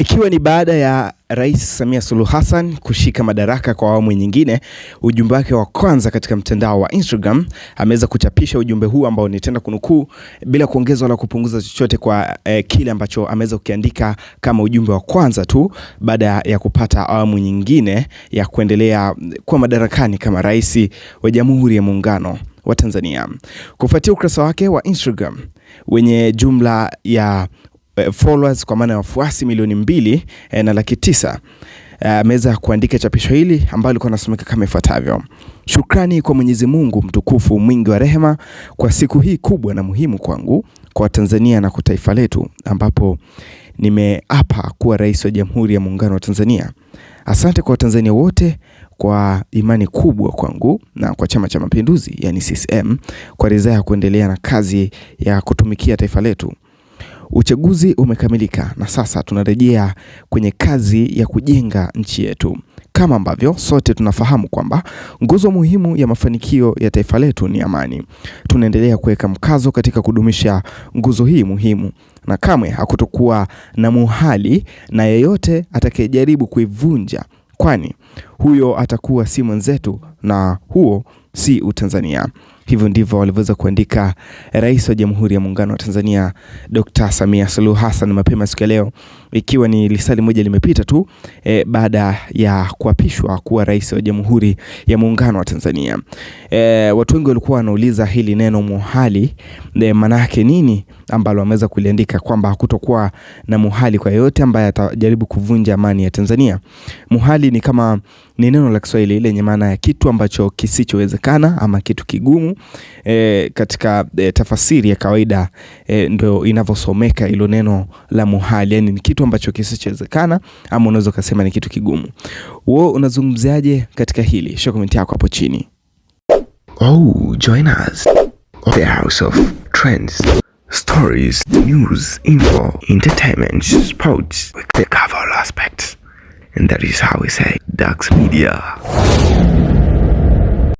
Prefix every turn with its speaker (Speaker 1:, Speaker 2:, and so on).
Speaker 1: Ikiwa ni baada ya Rais Samia Suluhu Hassan kushika madaraka kwa awamu nyingine, ujumbe wake wa kwanza katika mtandao wa Instagram ameweza kuchapisha ujumbe huu ambao nitenda kunukuu bila kuongeza wala kupunguza chochote kwa eh, kile ambacho ameweza kukiandika kama ujumbe wa kwanza tu baada ya kupata awamu nyingine ya kuendelea kuwa madarakani kama rais wa Jamhuri ya Muungano wa Tanzania. Kufuatia ukurasa wake wa Instagram wenye jumla ya Eh, followers kwa maana ya wafuasi milioni mbili eh, na laki tisa eh, ameweza uh, kuandika chapisho hili ambalo likuwa nasomeka kama ifuatavyo: shukrani kwa Mwenyezi Mungu mtukufu mwingi wa rehema kwa siku hii kubwa na muhimu kwangu, kwa Tanzania na kwa taifa letu, ambapo nimeapa kuwa rais wa Jamhuri ya Muungano wa Tanzania. Asante kwa Watanzania wote kwa imani kubwa kwangu na kwa Chama cha Mapinduzi, yani CCM, kwa ridhaa ya kuendelea na kazi ya kutumikia taifa letu. Uchaguzi umekamilika na sasa tunarejea kwenye kazi ya kujenga nchi yetu. Kama ambavyo sote tunafahamu kwamba nguzo muhimu ya mafanikio ya taifa letu ni amani, tunaendelea kuweka mkazo katika kudumisha nguzo hii muhimu, na kamwe hakutokuwa na muhali na yeyote atakayejaribu kuivunja, kwani huyo atakuwa si mwenzetu na huo si Utanzania. Hivyo ndivyo walivyoweza kuandika Rais wa Jamhuri ya Muungano wa Tanzania Dr. Samia Suluhu Hassan mapema siku ya leo, ikiwa ni lisali moja limepita tu e, baada ya kuapishwa kuwa rais wa Jamhuri ya Muungano wa Tanzania. E, watu wengi walikuwa wanauliza hili neno muhali eh, maana yake nini, ambalo ameweza kuliandika kwamba hakutokuwa na muhali kwa yeyote ambaye atajaribu kuvunja amani ya Tanzania. Muhali ni kama ni neno la Kiswahili lenye maana ya kitu ambacho kisichowezekana ama kitu kigumu e, katika e, eh, tafasiri ya kawaida e, eh, ndo inavyosomeka ilo neno la muhali, yani ni kitu ambacho kisichowezekana, ama unaweza ukasema ni kitu kigumu. Wewe unazungumziaje katika hili? Shika comment yako hapo chini. Oh, join us Oh, the house of trends stories news info entertainment sports we cover all aspects and that is how we say Dax Media